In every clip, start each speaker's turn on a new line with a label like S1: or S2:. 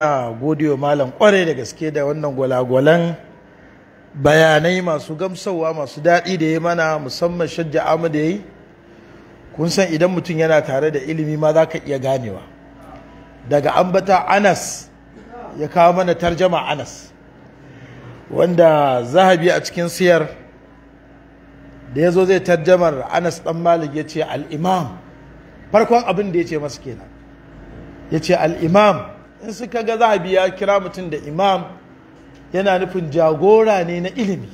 S1: a godiyo malam kwarai da gaske da wannan gwalagwalan bayanai masu gamsarwa masu daɗi da ya mana musamman shajja amu da ya yi kun san idan mutum yana tare da ilimi ma za ka iya ganewa daga ambata anas ya kawo mana tarjama anas wanda zahabi a cikin siyar da ya zo zai tarjamar anas ɗan malik ya ce al'imam farkon abin da ya ce masu kenan ya ce al'imam in suka ga a biya kira mutum da imam yana nufin jagora ne na ilimi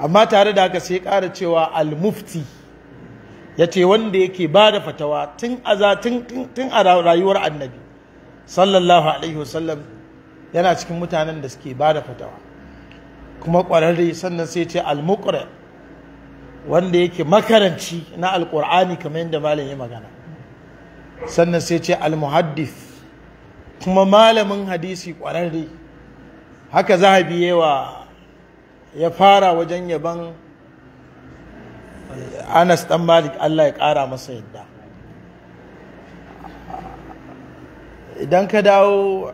S1: amma tare da haka sai ƙara cewa al-mufti ya ce wanda yake ba da fatawa tun a rayuwar annabi sallallahu alaihi wasallam yana cikin mutanen da suke ba da fatawa kuma ƙwararre sannan sai ce al mukra wanda yake makaranci na alƙur'ani kamar yadda malam ya magana sannan sai ce al-muhaddith kuma malamin hadisi ƙwararre haka za zahabi yawa ya fara wajen yaban anas dan malik allah ya ƙara masa yadda idan ka dawo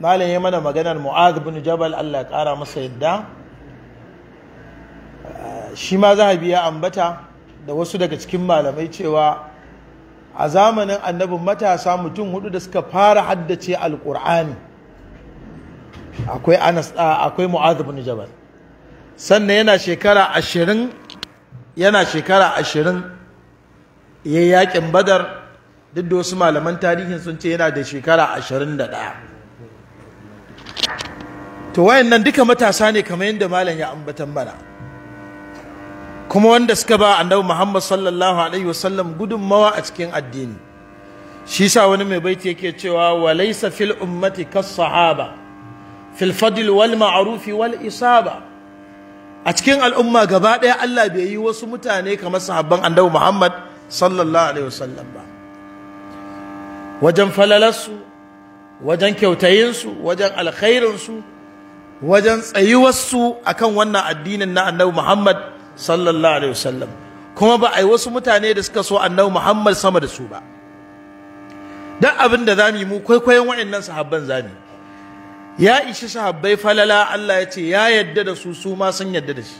S1: malam ya mana maganar mu'ad bin jabal allah ya ƙara masa yadda shi ma za a biya ambata da wasu daga cikin malamai cewa a zamanin annabin matasa mutum hudu da suka fara haddace alkur'ani akwai anas akwai mu'adh ibn jabal sannan yana shekara ashirin yana shekara 20 ya yakin badar duk da wasu malaman tarihin sun ce yana da shekara ashirin da ɗaya to wayannan duka matasa ne kamar yadda malam ya ambata mana kuma wanda suka ba annabi Muhammad sallallahu alaihi wasallam gudunmawa a cikin addini shi sa wani mai baiti yake cewa wa laysa fil ummati kas sahaba fil fadl wal ma'ruf wal isaba a cikin al'umma gaba ɗaya Allah bai yi wasu mutane kamar sahabban annabi Muhammad sallallahu alaihi wasallam ba wajen falalarsu wajen kyautayinsu wajen alkhairinsu wajen tsayuwarsu akan wannan addinin na annabi Muhammad sallallahu alaihi wasallam kuma ba a yi wasu mutane da suka so annabi Muhammad sama da su ba dan abin da zamu yi mu kwaikwayon waɗannan sahabban zamu ya ishi sahabbai falala Allah ya ce ya yadda da su su ma sun yadda da shi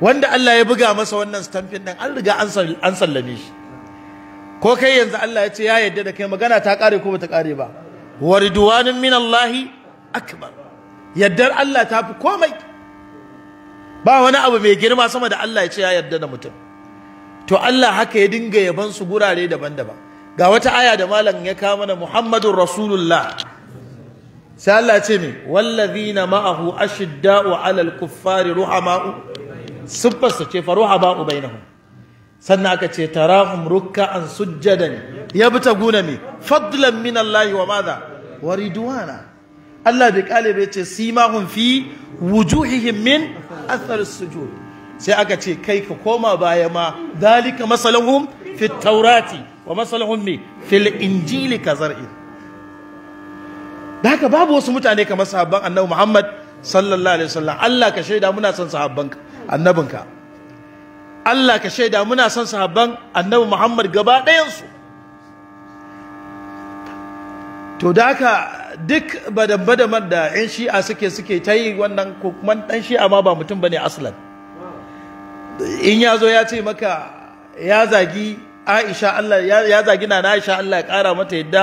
S1: wanda Allah ya buga masa wannan stampin din an riga an sallame shi ko kai yanzu Allah ya ce ya yadda da kai magana ta kare ko bata kare ba wa ridwanun min Allah akbar yaddar Allah ta fi komai ba wani abu mai girma sama da Allah ya ce ya yarda da mutum to Allah haka ya dinga yaban su gurare daban-daban ga wata aya da malam ya kawo mana Muhammadur Rasulullah sai Allah ce me wallazina ma'ahu ashidda'u 'alal kuffari ruhama'u siffarsa ce fa ruhama'u bainahum sannan aka ce tarahum ruk'an sujjadan yabtaguna me fadlan min Allah wa madha wa ridwana Allah bai kale bai ce simahum fi wujuhihim min athar sujud sai aka ce kai ka koma baya ma dalika masalahum fi taurati wa masalahum mi fil injili ka zar'in da haka babu wasu mutane kamar sahabban annabi Muhammad sallallahu alaihi wasallam Allah ka shaida muna son sahabban annabinka Allah ka shaida muna son sahabban annabi Muhammad gaba ɗayan to da haka duk badabadamar da 'yan shi'a suke suke ta yi wannan ko dan ɗan shi'a ma ba mutum ba ne aslan in ya zo ya ce maka ya zagi aisha allah ya zagi na aisha allah ya ƙara mata yadda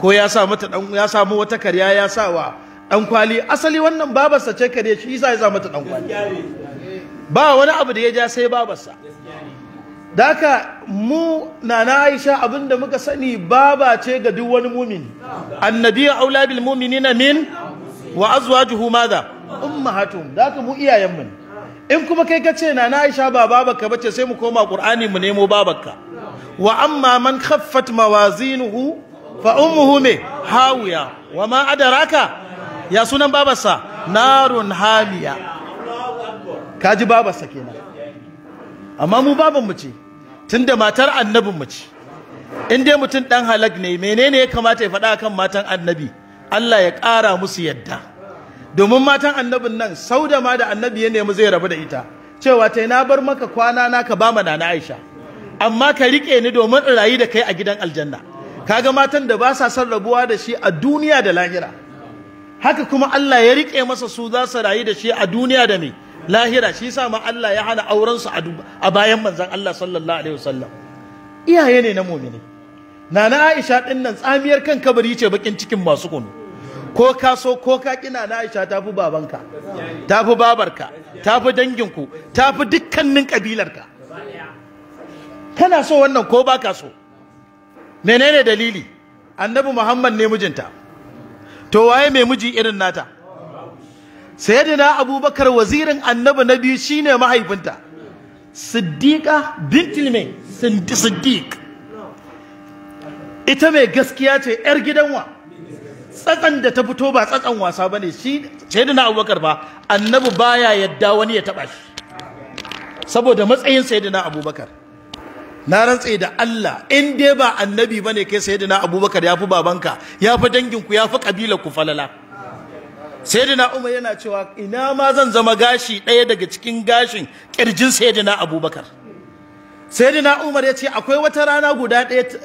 S1: ko ya sa mata dan ya samu wata karya ya sa wa ɗan kwali asali wannan babarsa ce karya shi yasa ya sa mata ɗan kwali ba wani abu da ya ja sai babarsa daka mu na na aisha abinda muka sani baba ce ga duk wani mumin annabi aula bil mu'minina min wa azwajuhu madha ummahatum daka mu iyayen mu in kuma kai ka ce na na aisha ba ka bace sai mu koma qur'ani mu nemo babarka wa amma man khaffat mawazinuhu fa ummuhu me hawiya wa ma adraka ya sunan babarsa narun hamiya kaji babarsa kenan amma mu baban mu ce tunda matar annabin mu ce in dai mutum ɗan halak ne menene ya kamata ya faɗa kan matan annabi Allah ya ƙara musu yadda domin matan annabin nan sau da ma da annabi ya nemi zai rabu da ita cewa ta na bar maka kwana na ka ba ma nana Aisha amma ka riƙe ni domin in rayu da kai a gidan aljanna kaga matan da ba sa son rabuwa da shi a duniya da lahira haka kuma Allah ya riƙe masa su za su rayu da shi a duniya da me lahira shi yasa ma Allah ya hana auren su a bayan manzon Allah sallallahu alaihi wasallam iyaye ne na mu'mini nana Aisha din nan tsamiyar kan kabari ce bakin cikin masu kunu ko ka so ko ka kina na Aisha tafi babanka tafi babarka tafi danginku tafi dukkanin kabilarka kana so wannan ko baka so menene dalili annabi Muhammad ne mijinta to waye mai miji irin nata sayyidina abubakar wazirin annabi na biyu shine mahaifinta siddiqa bintul mai siddiq ita mai gaskiya ce yar gidan tsatsan da ta fito ba tsatsan wasa ne shi sayyidina abubakar ba annabi baya yadda wani ya taɓa shi saboda matsayin sayyidina abubakar na rantse da Allah in dai ba annabi bane kai sayyidina abubakar yafi babanka yafi danginku yafi kabilar ku falala sayyidina umar yana cewa ina ma zan zama gashi ɗaya daga cikin gashin kirjin sayyidina abubakar sayyidina umar ya ce akwai wata rana guda ɗaya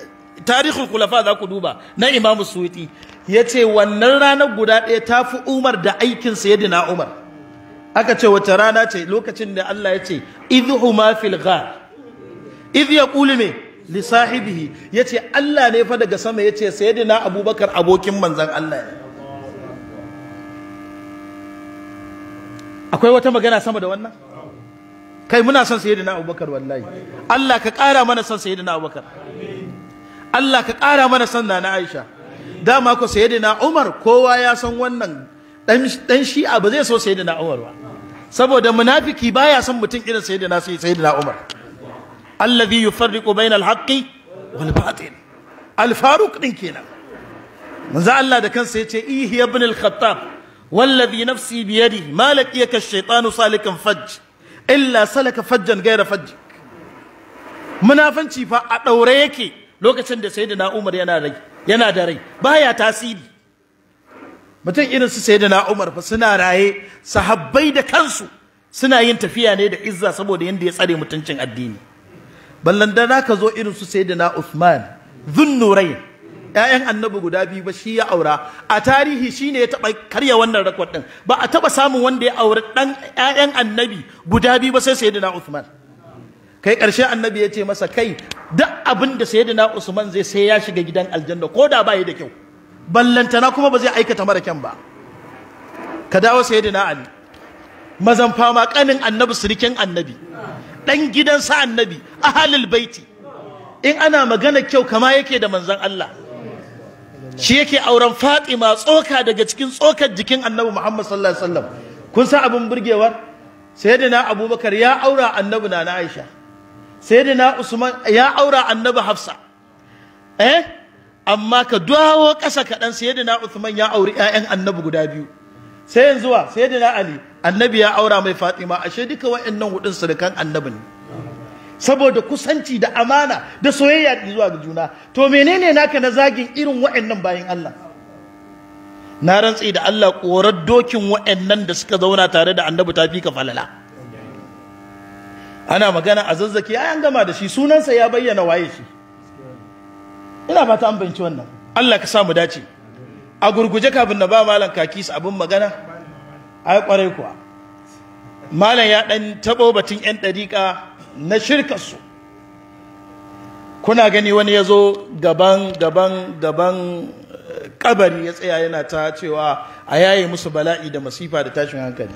S1: tarihin kulafa za ku duba na imamu suwiti ya ce wannan ranar guda ɗaya ta fi umar da aikin sayyidina umar aka ce wata rana ce lokacin da allah ya ce idhuma fil ghar idh yaqulu me li sahibihi yace allah ne fa daga sama ya yace sayyidina abubakar abokin manzon allah ne akwai wata magana sama da wannan kai muna son da na abubakar wallahi Allah ka ƙara mana son da na abubakar Allah ka ƙara mana son na aisha dama ko na umar kowa ya san wannan dan shi'a ba zai so da na umar ba saboda munafiki baya son mutum irin da na umar alladhi yufarriqu bainal haqqi wal batil al faruq din kenan manzo Allah da kansa yace ihya ibn al khattab والذي نفسي بيده ما لقيك الشيطان salikan fajj illa salaka fajjan غير فجك munafanci fa a ɗaure yake lokacin da sayyidina Umar yana rai yana da rai baya tasiri mutum irin su sayyidina Umar fa suna raye sahabbai da kansu suna yin tafiya ne da izza saboda yanda ya tsare mutuncin addini ballan da ka zo irin su sayyidina Uthman dhunnurai ƴaƴan annabi guda biyu ba shi ya aura a tarihi shi ne ya taba karya wannan rakwar din ba a taba samun wanda ya aura dan ƴaƴan annabi guda biyu ba sai sayyidina Uthman kai karshe annabi ya ce masa kai duk abin da sayyidina Uthman zai sai ya shiga gidan aljanna ko da bai da kyau ballantana kuma ba zai aikata mara kyan ba ka dawo sayyidina Ali mazan fama kanin annabi sirikin annabi dan sa annabi ahalul baiti in ana magana kyau kama yake da manzon Allah shi yake auren Fatima tsoka daga cikin tsokar jikin Annabi Muhammad sallallahu alaihi wasallam kun san abin burgewar sayyidina Abubakar ya aura Annabi na Aisha sayyidina Usman ya aura Annabi Hafsa eh amma ka dawo ƙasa kaɗan sayyidina Uthman ya auri ƴaƴan Annabi guda biyu sai yanzu wa sayyidina Ali Annabi ya aura mai Fatima ashe duka waɗannan hudun surukan Annabi ne saboda kusanci da amana da soyayya zuwa ga juna to menene naka na zagin irin wa'annan bayan Allah na rantsi da Allah korar dokin wa'annan da suka zauna tare da annabi ta fi falala ana magana a zazzaki ai an gama da shi sunansa ya bayyana waye shi ina fata an binci wannan Allah ka sa mu dace a gurguje kafin na ba malam kaki su abin magana ai kwarai kuwa malam ya dan tabo batun yan dariƙa na shirkarsu kuna gani wani ya zo gaban gaban gaban eh, kabari ya tsaya yana ta cewa a yaye musu bala'i da masifa da tashin hankali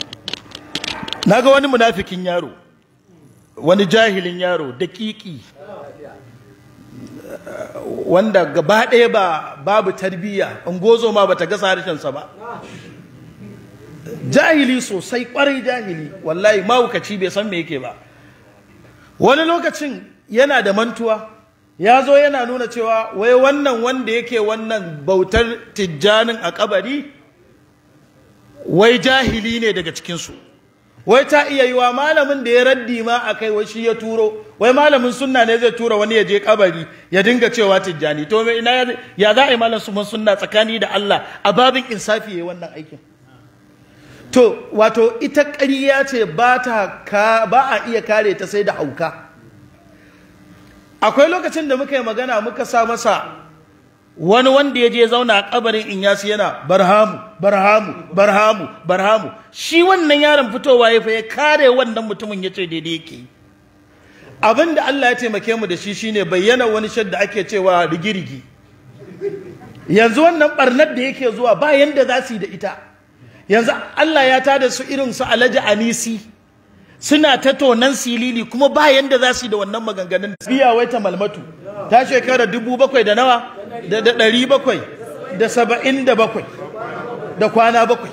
S1: na ga wani munafikin yaro wani jahilin yaro dakiki eh, wanda gaba ɗaya ba babu tarbiyya ungozo ma bata gasa harshensa ba jahili sosai kwarai jahili wallahi mahaukaci bai san me yake ba wani lokacin yana da mantuwa ya zo yana nuna cewa wai wannan wanda yake wannan bautar tijjanin a kabari wai jahili ne daga cikinsu wai ta iya yi wa malamin da ya raddi ma a kai wai shi ya turo wai malamin sunna ne zai tura wani ya je kabari ya dinga cewa tijjani to ina ya za a yi malam sunna tsakani da Allah a babin insafi ya wannan aikin to wato ita ƙarya ce ba a iya kare ta sai da hauka akwai lokacin da muka yi magana muka sa masa wani wanda ya je zauna a in yasu yana barhamu barhamu barhamu barhamu shi wannan yaron fitowa ya fa ya kare wannan mutumin ya ce daidai yake abin da Allah ya taimake mu da shi shine bayyana wani shadda ake cewa rigirigi yanzu wannan barnar da yake zuwa bayan da za su yi da ita yanzu Allah ya tada su irin su alaji Anisi suna ta tonan silili kuma ba yanda za su yi da wannan maganganun biya wai ta malmatu ta shekara dubu bakwai da nawa da ɗari bakwai da saba'in da bakwai da kwana bakwai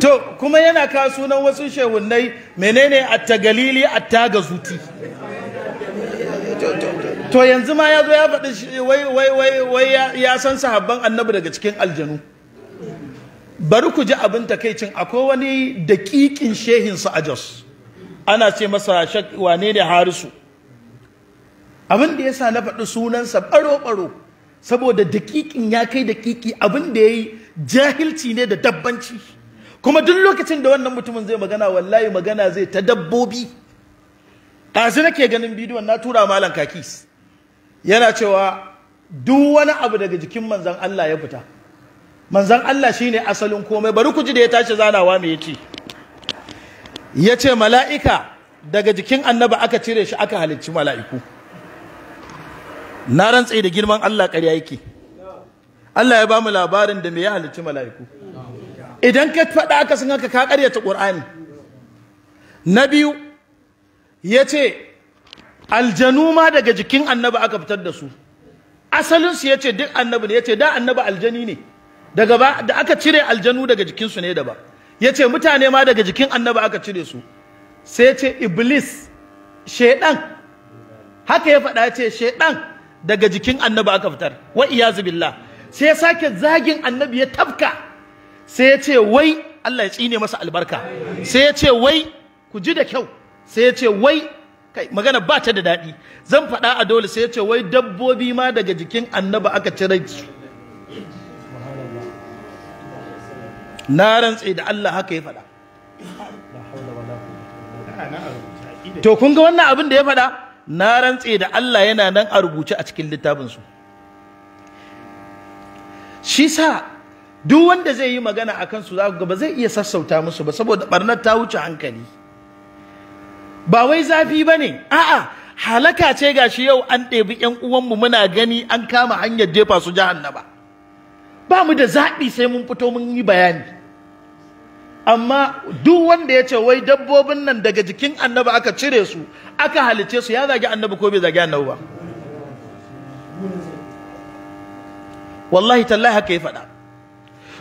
S1: to kuma yana kawo sunan wasu shehunnai menene attagalili zuti? to yanzu ma ya zo ya faɗi wai wai wai ya san sahabban annabi daga cikin aljanu bari ku ji abin takaicin akwai wani daƙiƙin shehin a Jos ana ce masa wane ne harisu abin da ya sa na faɗi sunansa ɓaro-ɓaro saboda daƙiƙin ya kai daƙiƙi abin da ya yi jahilci ne da dabbanci kuma duk lokacin da wannan mutumin zai magana wallahi magana zai ta dabbobi ɗazu nake ganin bidiyon na tura malam kakis yana cewa duk wani abu daga jikin manzon Allah ya fita manzon Allah shi ne asalin komai bari ku ji da ya tashi zanawa me Ya yace mala'ika daga jikin annaba aka cire shi aka halicci mala'iku na rantse da girman Allah ƙarya yake Allah ya bamu labarin da me ya halicci mala'iku idan ka faɗa aka sun haka ka ƙaryata Qur'ani na biyu yace aljanu ma daga jikin annaba aka fitar da su Asalinsu ya yace duk annabi ne yace da annaba aljani ne daga ba da aka cire aljanu daga jikinsu ne da ba yace mutane ma daga jikin annaba aka cire su sai yace iblis shedan haka ya faɗa yace shedan daga jikin annaba aka fitar wa iyazu billah sai ya sake zagin annabi ya tafka sai yace wai Allah ya tsine masa albarka sai yace wai ku ji da kyau sai yace wai kai magana ba ta da daɗi zan faɗa a dole sai yace wai dabbobi ma daga jikin annaba aka cire su na rantse da Allah haka ya faɗa to kun ga wannan abin da ya faɗa na rantse da Allah yana nan a rubuce a cikin littafinsu shi sa duk wanda zai yi magana a kansu za ku ga ba zai iya sassauta musu ba saboda barnar ta wuce hankali ba wai zafi bane. ne a'a halaka ce gashi yau an ɗebi 'yan uwanmu muna gani an kama hanyar jefa su jahannama ba mu da zaɓi sai mun fito mun yi bayani amma duk wanda ya ce wai dabbobin nan daga jikin annabi aka cire su aka halice su ya zagi annabi ko bai zagi annabi ba wallahi tallahi haka ya faɗa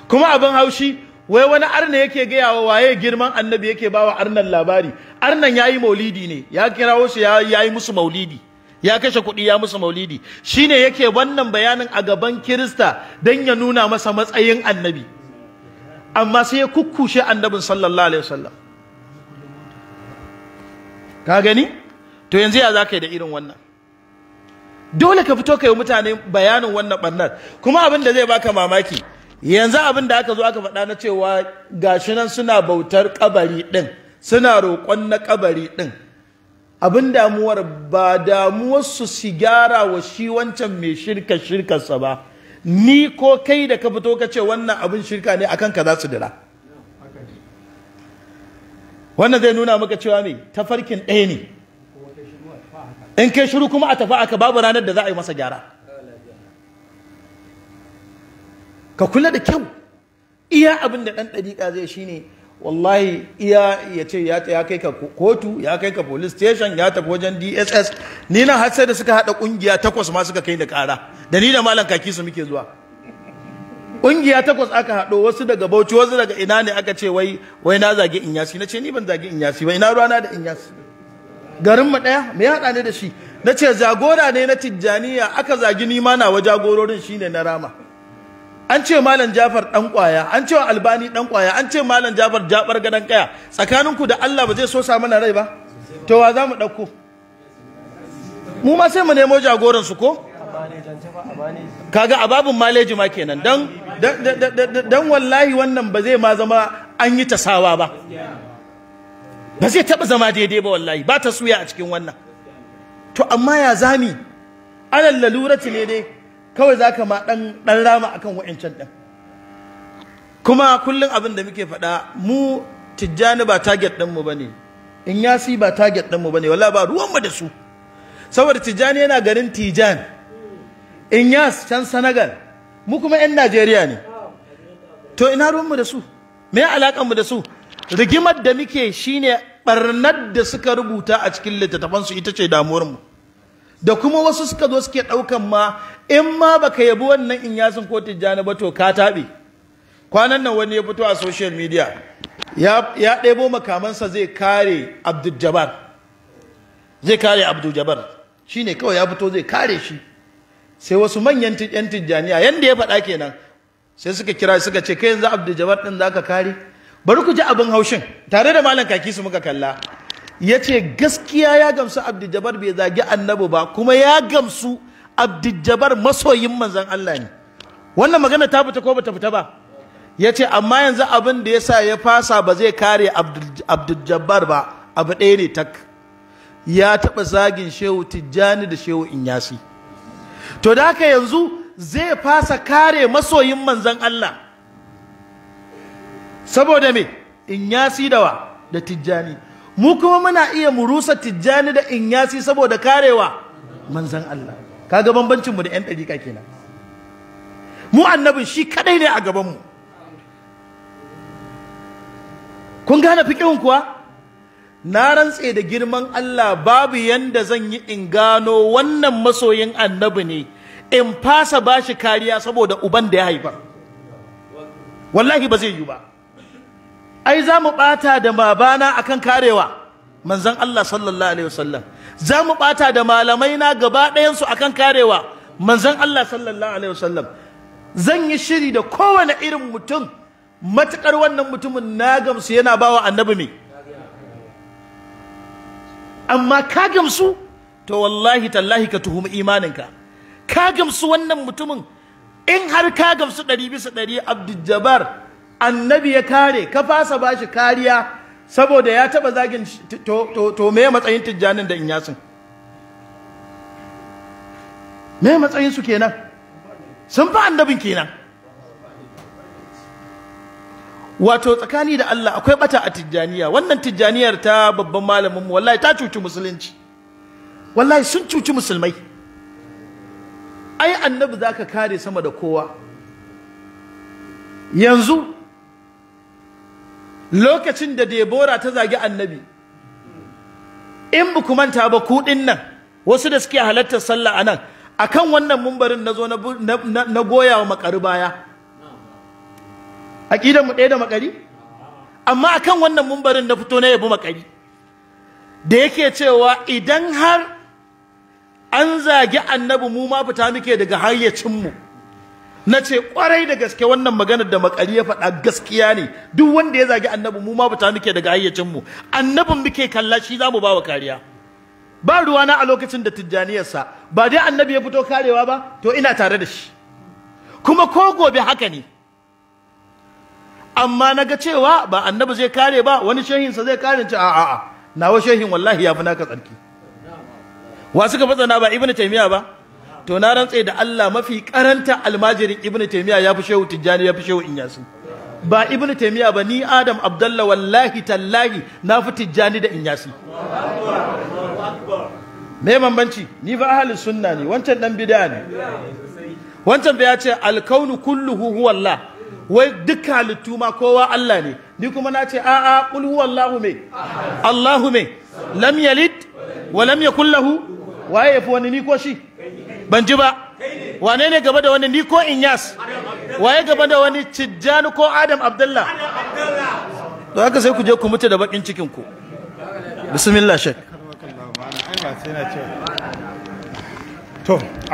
S1: kuma abin haushi wai wani arna yake gaya wa waye girman annabi yake bawa arnan labari arnan ya yi maulidi ne ya kirawo shi yi musu maulidi ya kashe kuɗi ya musu maulidi shine yake wannan bayanin a gaban kirista don ya nuna masa matsayin annabi amma sai ya kukkushe annabin sallallahu alaihi wasallam ka gani to yanzu ya zaka yi da irin wannan dole ka fito ka yi mutane bayanin wannan barnar kuma abin da zai baka mamaki yanzu abin da aka zo aka faɗa na cewa gashinan suna bautar ƙabari ɗin suna roƙon na ƙabari ɗin abin damuwar ba damuwarsu su gyara wa shi wancan mai shirka shirkarsa ba ni ko kai da ka fito ka ce wannan abin shirka ne akan ka za su dira wannan zai nuna maka cewa me tafarkin ɗaya ne in kai shiru kuma a tafi aka babu ranar da za a yi masa gyara ka kula da kyau iya abin da ɗan ɗariƙa zai shine wallahi iya ya ce ya kai ka kotu ya kai ka police station ya tafi wajen dss ni na har sai da suka haɗa ƙungiya takwas ma suka kai da ƙara da ni da malam kaki su muke zuwa ƙungiya takwas aka haɗo wasu daga bauchi wasu daga ina ne aka ce wai wai na zage in yasi na ce ni ban zage in yasi ba ina na da in yasi garin mu ɗaya me ya haɗa ne da shi na ce jagora ne na tijjaniya aka zagi ni ma na wa jagororin shine na rama an ce malam Jafar dan kwaya an ce Albani dan kwaya an ce malam Jafar Jabar gadan kaya ku da Allah ba zai so sa mana rai ba to wa zamu dauko mu ma sai mu nemo jagoran su ko kaga ababun maleji ma kenan dan dan wallahi wannan ba zai ma zama an yi tasawa ba ba zai taba zama daidai ba wallahi ba ta suya a cikin wannan to amma ya zami alal lalurati ne dai kawai za ka ma ɗan rama a kan wa'incan ɗin kuma kullum abin da muke faɗa mu tijjani ba target ɗinmu ba ne in yasi ba target ɗinmu ba ne wala ba ruwanmu da su saboda tijjani yana garin tijan in yas can senegal mu kuma 'yan najeriya ne to ina ruwanmu da su me alaƙanmu da su rigimar da muke shine ɓarnar da suka rubuta a cikin littattafansu ita ce damuwarmu da kuma wasu suka zo suke ɗaukan ma in ma baka yabi wannan in yasin ko tijjani ba to ka tabe kwanan nan wani ya fito a social media ya ɗebo makamansa zai kare abdul zai kare abdul shi ne kawai ya fito zai kare shi sai wasu manyan yan tijjaniya yanda ya faɗa kenan sai suka kira suka ce kai yanzu abdul jabbar ɗin za kare bari ku ji abin haushin tare da malam kaki su muka kalla ya ce gaskiya ya gamsu abdujabbar bai zagi annabi ba kuma ya gamsu abdujabbar masoyin manzan Allah ne wannan magana ta fita ko bata fita ba ya ce amma yanzu abin da ya sa ya fasa ba zai kare abdujabbar ba abu ɗaya ne tak ya taɓa zagin shehu tijjani da shehu inyasi to da haka yanzu zai fasa kare masoyin manzan Allah saboda me inyasi dawa da tijjani mu kuma muna iya murusa tijjani da inyasi saboda karewa manzan Allah kaga bambancin mu da yan dariƙa kenan mu annabin shi kadai ne a gaban mu kun gane fiqhun kuwa na rantse da girman Allah babu yanda zan yi in gano wannan masoyin annabi ne in fasa bashi kariya saboda uban da ya haifa wallahi ba zai yi ba ai za mu ɓata da babana akan karewa manzon Allah sallallahu alaihi wasallam za mu ɓata da malamai na gaba ɗayansu akan karewa manzon Allah sallallahu alaihi wasallam zan yi shiri da kowane irin mutum matuƙar wannan mutumin na gamsu yana bawa annabi me amma ka gamsu to wallahi tallahi ka tuhumi imaninka ka gamsu wannan mutumin in har ka gamsu ɗari bisa ɗari abdul jabbar annabi ya kare ka fasa ba shi kariya saboda ya taba zagin to me matsayin tijjanin da inyasin me matsayin su kenan sun fi annabin kenan wato tsakani da Allah akwai bata a tijjaniya wannan tijjaniyar ta babban malamin mu wallahi ta cuci musulunci wallahi sun cuci musulmai ai annabi zaka kare sama da kowa yanzu lokacin da debora ta zagi annabi in ba ku manta ba ku nan wasu da suke halartar sallah anan akan wannan mumbarin na zo na goya wa makari baya aƙidan mu ɗaya da makari amma akan wannan mumbarin na fito na yabi makari da yake cewa idan har an zagi annabi mu ma fita muke daga hayyacin mu na ce kwarai da gaske wannan maganar da makari ya faɗa gaskiya ne duk wanda ya zagi annabi mu ma bata muke daga hayyacin mu annabin muke kalla shi zamu bawa kariya ba ruwa na a lokacin da tijjaniyarsa ba dai annabi ya fito karewa ba to ina tare da shi kuma ko gobe haka ne amma naga cewa ba annabi zai kare ba wani sa zai kare ci a'a nawa shehin wallahi ya fi naka tsarki wa suka fatsana ba ibnu taymiya ba to na rantse da Allah mafi karanta almajirin ibnu taymiya ya fi shehu tijjani ya fi shehu inyasu ba ibnu taymiya ba ni adam abdullah wallahi tallahi na fi tijjani da inyasu me bambanci ni ba ahlus sunna ne wancan dan bid'a ne wancan ba ya ce alkaunu kulluhu huwa Allah wai duk halittu ma kowa Allah ne ni kuma na ce a'a qul huwa Allahu me Allahu me lam yalid wa lam yakul lahu waye fi wani ni ko shi ban ji ba wane ne gaba da wani ni ko inyas waye gaba da wani tijjani ko adam abdullah to haka sai ku je ku mutu da bakin cikin ku bismillah shek to